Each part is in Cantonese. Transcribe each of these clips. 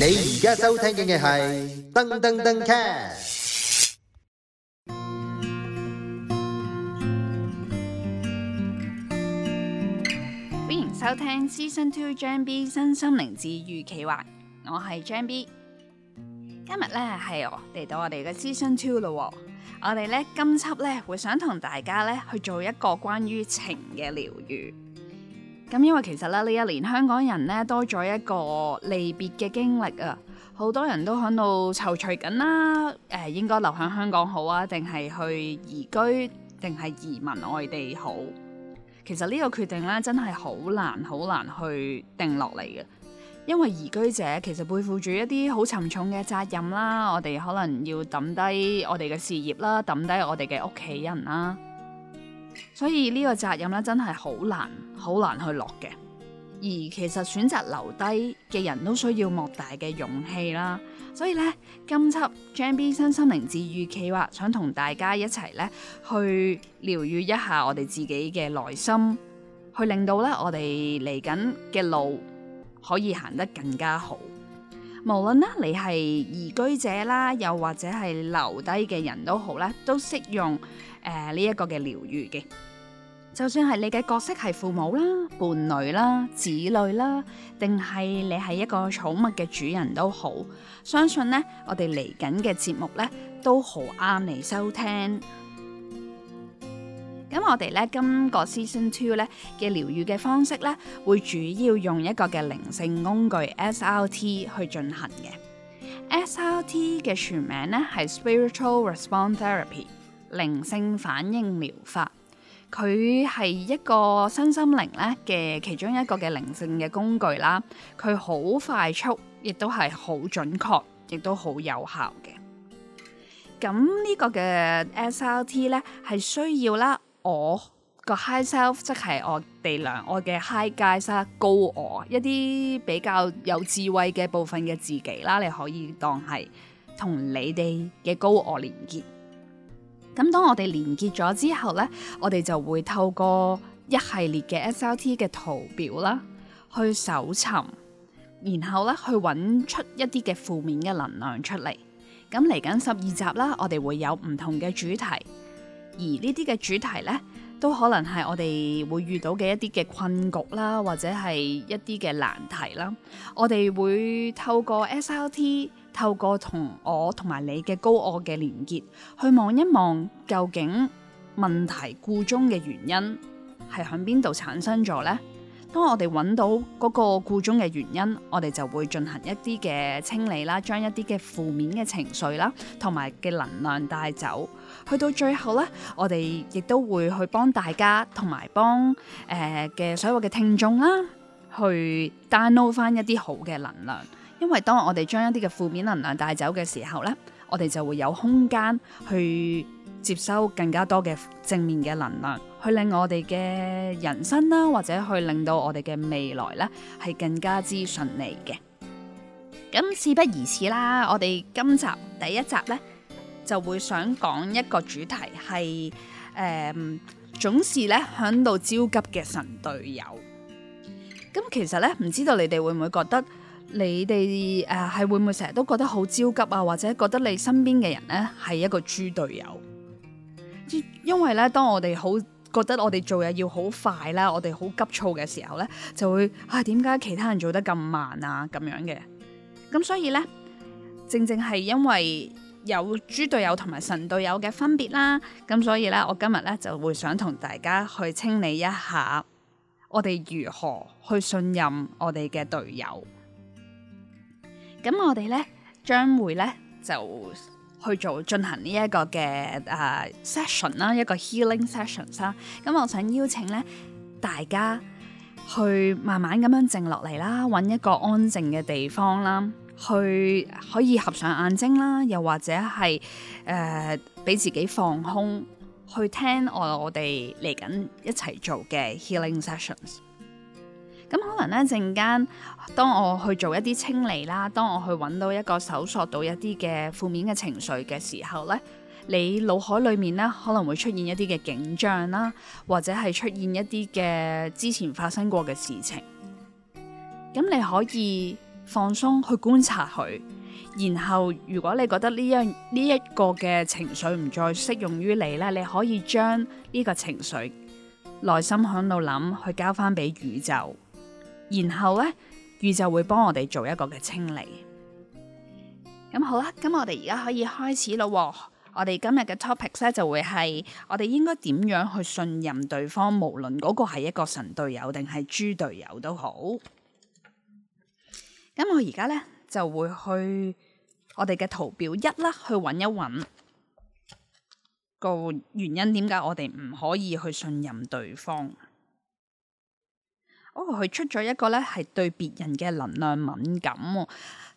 你而家收聽緊嘅係噔噔噔 cast，歡迎收聽 Season Two Jam B 身心靈治癒企劃，我係 Jam B。今日咧係我嚟到我哋嘅 Season Two 咯，我哋咧今集咧會想同大家咧去做一個關於情嘅療癒。咁因為其實咧呢一年香港人咧多咗一個離別嘅經歷啊，好多人都響度躊躇緊啦，誒、呃、應該留喺香港好啊，定係去移居，定係移民外地好？其實呢個決定咧真係好難，好難去定落嚟嘅，因為移居者其實背負住一啲好沉重嘅責任啦，我哋可能要抌低我哋嘅事業啦，抌低我哋嘅屋企人啦。所以呢、這個責任咧真係好難，好難去落嘅。而其實選擇留低嘅人都需要莫大嘅勇氣啦。所以咧，今輯 JMB 身心靈治愈企劃，想同大家一齊咧去療愈一下我哋自己嘅內心，去令到咧我哋嚟緊嘅路可以行得更加好。無論呢你係移居者啦，又或者係留低嘅人都好咧，都適用誒呢一個嘅療愈嘅。就算係你嘅角色係父母啦、伴侶啦、子女啦，定係你係一個寵物嘅主人都好，相信呢，我哋嚟緊嘅節目呢都好啱你收聽。咁我哋呢，今個 season two 呢嘅療癒嘅方式呢，會主要用一個嘅靈性工具 SRT 去進行嘅。SRT 嘅全名呢，係 Spiritual Response Therapy，靈性反應療法。佢係一個身心靈咧嘅其中一個嘅靈性嘅工具啦，佢好快速，亦都係好準確，亦都好有效嘅。咁呢個嘅 SRT 咧，係需要啦，我個 high self，即係我哋兩我嘅 high guy 高我一啲比較有智慧嘅部分嘅自己啦，你可以當係同你哋嘅高我連結。咁當我哋連結咗之後咧，我哋就會透過一系列嘅 SLT 嘅圖表啦，去搜尋，然後咧去揾出一啲嘅負面嘅能量出嚟。咁嚟緊十二集啦，我哋會有唔同嘅主題，而呢啲嘅主題咧，都可能係我哋會遇到嘅一啲嘅困局啦，或者係一啲嘅難題啦。我哋會透過 SLT 透過同我同埋你嘅高我嘅連結，去望一望究竟問題個中嘅原因係響邊度產生咗呢？當我哋揾到嗰個個中嘅原因，我哋就會進行一啲嘅清理啦，將一啲嘅負面嘅情緒啦同埋嘅能量帶走。去到最後呢，我哋亦都會去幫大家同埋幫誒嘅、呃、所有嘅聽眾啦，去 download 翻一啲好嘅能量。因為當我哋將一啲嘅負面能量帶走嘅時候呢，我哋就會有空間去接收更加多嘅正面嘅能量，去令我哋嘅人生啦，或者去令到我哋嘅未來呢，係更加之順利嘅。咁事不宜遲啦，我哋今集第一集呢，就會想講一個主題係，誒、呃，總是呢，響度焦急嘅神隊友。咁其實呢，唔知道你哋會唔會覺得？你哋誒係會唔會成日都覺得好焦急啊？或者覺得你身邊嘅人呢係一個豬隊友？因因為咧，當我哋好覺得我哋做嘢要好快啦，我哋好急躁嘅時候呢，就會啊點解其他人做得咁慢啊？咁樣嘅，咁所以呢，正正係因為有豬隊友同埋神隊友嘅分別啦，咁所以呢，我今日呢就會想同大家去清理一下，我哋如何去信任我哋嘅隊友。咁我哋咧將會咧就去做進行呢一個嘅誒、uh, session 啦，一個 healing sessions 啦。咁我想邀請咧大家去慢慢咁樣靜落嚟啦，搵一個安靜嘅地方啦，去可以合上眼睛啦，又或者係誒俾自己放空，去聽我我哋嚟緊一齊做嘅 healing sessions。咁可能咧，陣間當我去做一啲清理啦，當我去揾到一個搜索到一啲嘅負面嘅情緒嘅時候咧，你腦海裡面咧可能會出現一啲嘅景象啦，或者係出現一啲嘅之前發生過嘅事情。咁你可以放鬆去觀察佢，然後如果你覺得呢一呢一個嘅、這個、情緒唔再適用於你咧，你可以將呢個情緒內心響度諗，去交翻俾宇宙。然後呢，宇宙會幫我哋做一個嘅清理。咁好啦，咁我哋而家可以開始咯喎。我哋今日嘅 topics 呢就會係我哋應該點樣去信任對方，無論嗰個係一個神隊友定係豬隊友都好。咁我而家呢，就會去我哋嘅圖表一啦，去揾一揾個原因，點解我哋唔可以去信任對方？不過，佢出咗一個咧，係對別人嘅能量敏感、哦，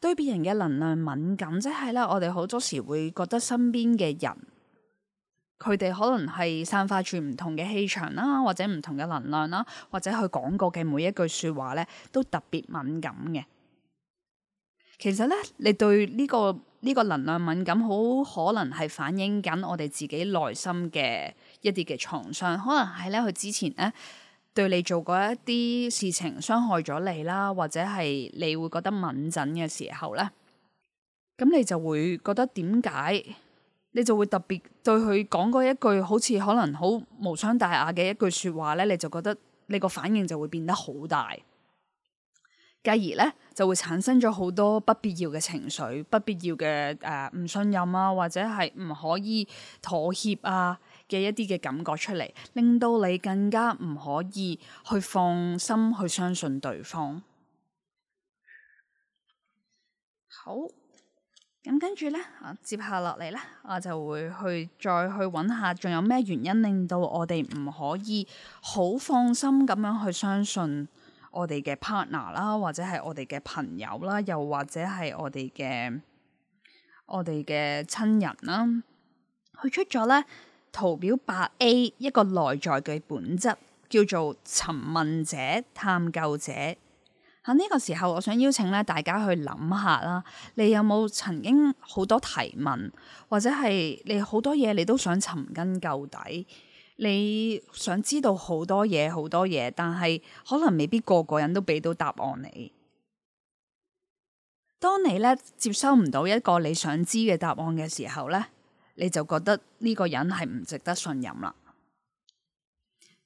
對別人嘅能量敏感，即係咧，我哋好多時會覺得身邊嘅人，佢哋可能係散發住唔同嘅氣場啦，或者唔同嘅能量啦，或者佢講過嘅每一句說話咧，都特別敏感嘅。其實咧，你對呢、呢個呢、呢個能量敏感，好可能係反映緊我哋自己內心嘅一啲嘅創傷，可能係咧佢之前咧。對你做過一啲事情傷害咗你啦，或者係你會覺得敏感嘅時候咧，咁你就會覺得點解，你就會特別對佢講嗰一句好似可能好無傷大雅嘅一句說話咧，你就覺得你個反應就會變得好大，繼而咧就會產生咗好多不必要嘅情緒、不必要嘅誒唔信任啊，或者係唔可以妥協啊。嘅一啲嘅感覺出嚟，令到你更加唔可以去放心去相信對方。好，咁跟住呢，接下落嚟呢，我就會去再去揾下，仲有咩原因令到我哋唔可以好放心咁樣去相信我哋嘅 partner 啦，或者係我哋嘅朋友啦，又或者係我哋嘅我哋嘅親人啦，佢出咗呢。圖表八 A 一個內在嘅本質叫做尋問者、探究者。喺呢個時候，我想邀請咧，大家去諗下啦。你有冇曾經好多提問，或者係你好多嘢，你都想尋根究底，你想知道好多嘢，好多嘢，但係可能未必個個人都俾到答案你。當你咧接收唔到一個你想知嘅答案嘅時候咧。你就覺得呢個人係唔值得信任啦。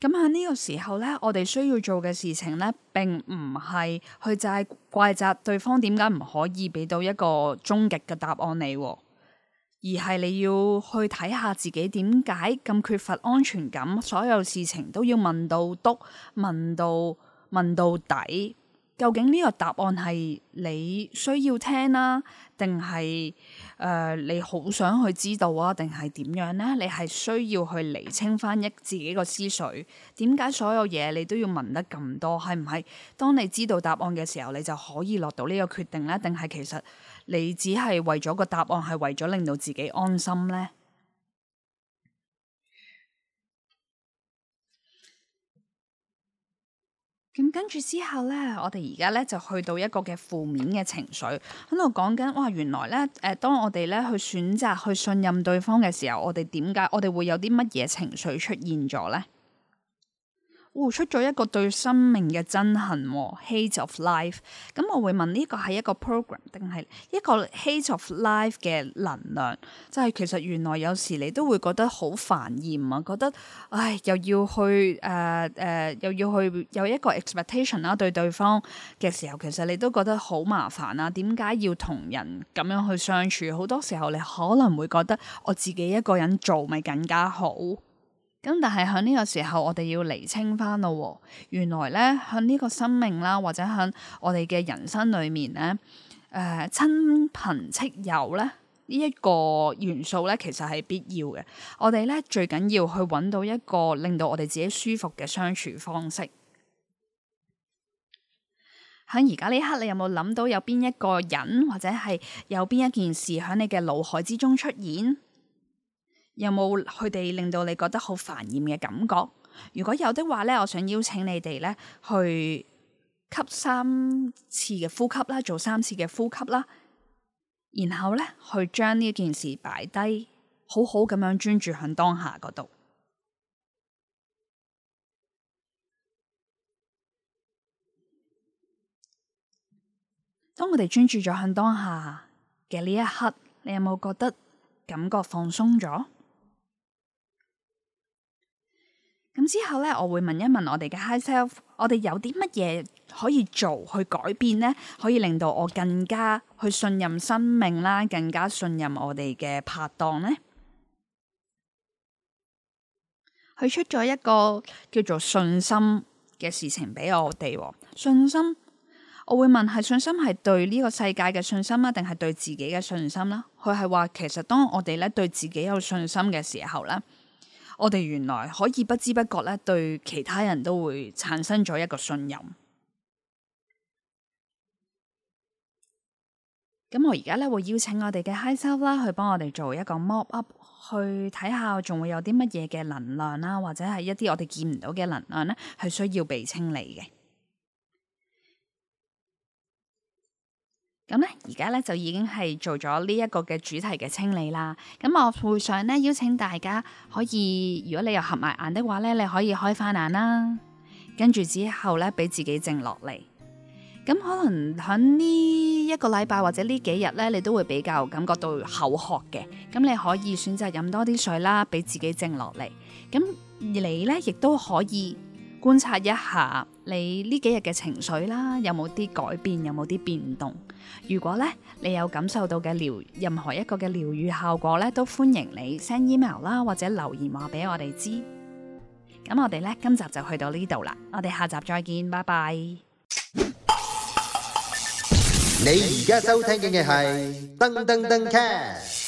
咁喺呢個時候呢，我哋需要做嘅事情呢，並唔係去怪責對方點解唔可以俾到一個終極嘅答案你，而係你要去睇下自己點解咁缺乏安全感，所有事情都要問到篤問到問到底。究竟呢個答案係你需要聽啦，定係誒你好想去知道啊？定係點樣呢？你係需要去厘清翻一自己個思緒？點解所有嘢你都要問得咁多？係唔係？當你知道答案嘅時候，你就可以落到呢個決定呢？定係其實你只係為咗個答案，係為咗令到自己安心呢？咁跟住之後呢，我哋而家呢就去到一個嘅負面嘅情緒，喺度講緊，哇！原來呢，誒、呃，當我哋呢去選擇去信任對方嘅時候，我哋點解我哋會有啲乜嘢情緒出現咗呢？哦、出咗一個對生命嘅憎恨，hate of life。咁我會問呢，呢個係一個 program 定係一個 hate of life 嘅能量？即、就、係、係、其實原來有時你都會覺得好煩厭啊，覺得唉又要去誒誒、呃呃、又要去有一個 expectation 啦、啊、對對方嘅時候，其實你都覺得好麻煩啊。點解要同人咁樣去相處？好多時候你可能會覺得我自己一個人做咪更加好。咁但係喺呢個時候，我哋要厘清翻咯，原來咧喺呢個生命啦，或者喺我哋嘅人生裏面咧，誒、呃，親朋戚友咧呢一個元素咧，其實係必要嘅。我哋咧最緊要去揾到一個令到我哋自己舒服嘅相處方式。喺而家呢刻，你有冇諗到有邊一個人或者係有邊一件事喺你嘅腦海之中出現？有冇佢哋令到你覺得好煩厭嘅感覺？如果有的話咧，我想邀請你哋咧去吸三次嘅呼吸啦，做三次嘅呼吸啦，然後咧去將呢件事擺低，好好咁樣專注喺當下嗰度。當我哋專注咗喺當下嘅呢一刻，你有冇覺得感覺放鬆咗？咁之後咧，我會問一問我哋嘅 High Self，我哋有啲乜嘢可以做去改變呢？可以令到我更加去信任生命啦，更加信任我哋嘅拍檔呢。佢出咗一個叫做信心嘅事情俾我哋。信心，我會問係信心係對呢個世界嘅信心啊，定係對自己嘅信心啦？佢係話其實當我哋咧對自己有信心嘅時候咧。我哋原來可以不知不覺咧，對其他人都會產生咗一個信任。咁我而家咧會邀請我哋嘅 High Self 啦，去幫我哋做一個 mob up，去睇下仲會有啲乜嘢嘅能量啦，或者係一啲我哋見唔到嘅能量咧，係需要被清理嘅。咁咧，而家咧就已經係做咗呢一個嘅主題嘅清理啦。咁我會想咧，邀請大家可以，如果你又合埋眼的話咧，你可以開返眼啦。跟住之後咧，俾自己靜落嚟。咁可能喺呢一個禮拜或者呢幾日咧，你都會比較感覺到口渴嘅。咁你可以選擇飲多啲水啦，俾自己靜落嚟。咁你咧亦都可以觀察一下。你呢幾日嘅情緒啦，有冇啲改變，有冇啲變動？如果咧，你有感受到嘅療任何一個嘅療癒效果咧，都歡迎你 send email 啦，或者留言話俾我哋知。咁我哋咧今集就去到呢度啦，我哋下集再見，拜拜。你而家收聽嘅係噔噔噔 c